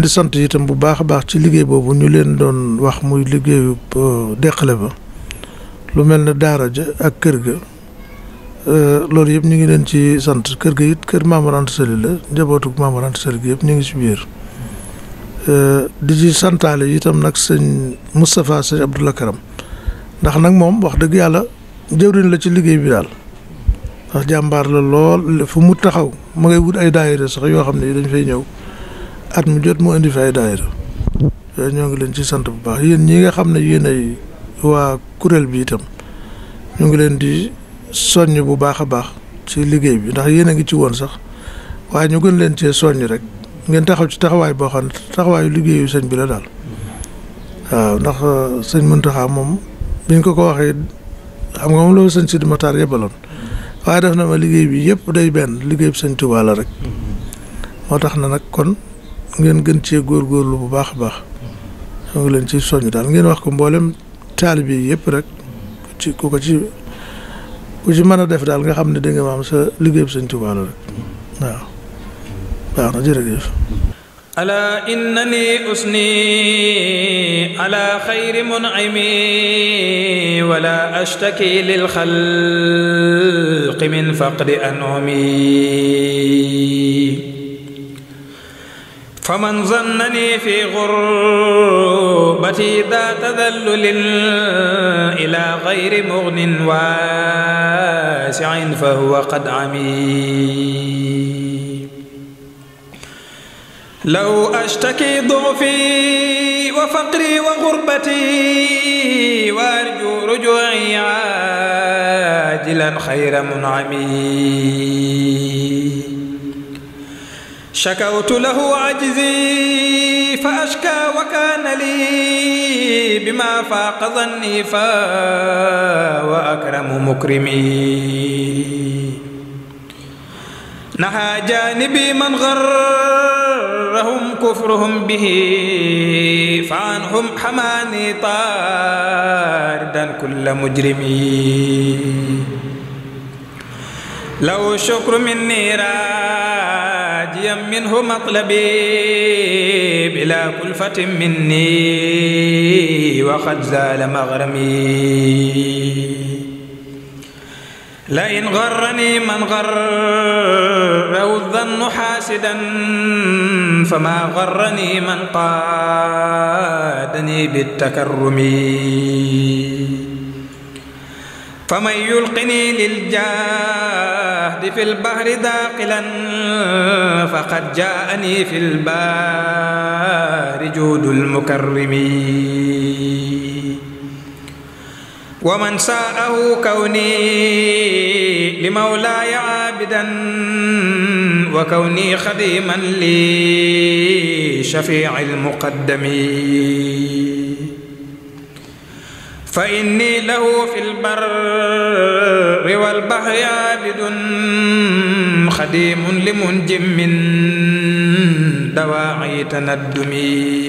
di sant itam bu baax a baax ci liggéey boobu ñu leen doon wax muy liggéeyu euh, deqale ba lu mel ne daara ja ak kër ga euh, loolu yëpp ñu ngi leen ci sant kër ga it kër Maam Mor Anta Sali la njabootu Maam Mor Anta Sali yëpp ñu ngi ci biir euh, di ji santaale itam nag sëñ mustafa sëñ Abdoulaye Karam ndax nag moom wax dëgg yàlla jëwriñ la ci liggéey bi daal ndax jàmbaar la lool fu mu taxaw mu ngay wut ay daayira sax yoo xam ne dañ fay ñëw at mu jot mu indi fi ay daayira yooyu ñoo ngi leen ci sant bu baax yéen ñi nga xam ne yéen ay waa kuréel bi itam ñu ngi leen di soññ bu baax a baax ci liggéey bi ndax yéen a ngi ci woon sax waaye ñu gën leen cee soññ rek ngeen taxaw ci taxawaay boo xam ne taxawaayu liggéeyu sëñ bi la daal waaw ndax euh, sëñ Muntaxa moom biñ ko ko waxee xam nga moom loolu sëñ Sidi Matar yebaloon waaye def na ma liggéey bi yëpp day benn liggéey bi sëñ Tuubaa rek moo tax na nag kon ngeen gën góor góorgóorlu bu baax a baax ñoo ngi leen ci soññ daal ngeen wax ko mboolem taalibe yi yëpp rek ku ci ku ci ku a def daal nga xam ne da maam sa liggéey bi Sëñ Tuubaa la rek waaw baax na jërëjëf ألا إنني أثني على خير منعمي ولا أشتكي للخلق من فقد أنعمي فمن ظنني في غربتي ذا تذلل إلى غير مغن واسع فهو قد عمي لو أشتكي ضعفي وفقري وغربتي وأرجو رجوعي عاجلا خير منعمي شكوت له عجزي فأشكى وكان لي بما فاق ظني وأكرم مكرمي نهى جانبي من غرهم كفرهم به فعنهم حماني طاردا كل مجرمي لو شكر مني راح حاجيا منه مطلبي بلا كلفة مني وقد زال مغرمي لئن غرني من غر أو الظن حاسدا فما غرني من قادني بالتكرم فمن يلقني للجاه في البحر داقلا فقد جاءني في البار جود المكرم ومن ساءه كوني لمولاي عابدا وكوني خديما لشفيع المقدمين فإني له في البر والبحر عابد خديم لمنجم من دواعي تندمي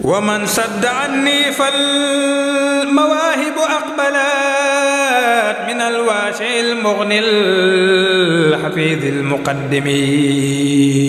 ومن صد عني فالمواهب أقبلت من الواسع المغني الحفيظ المقدمين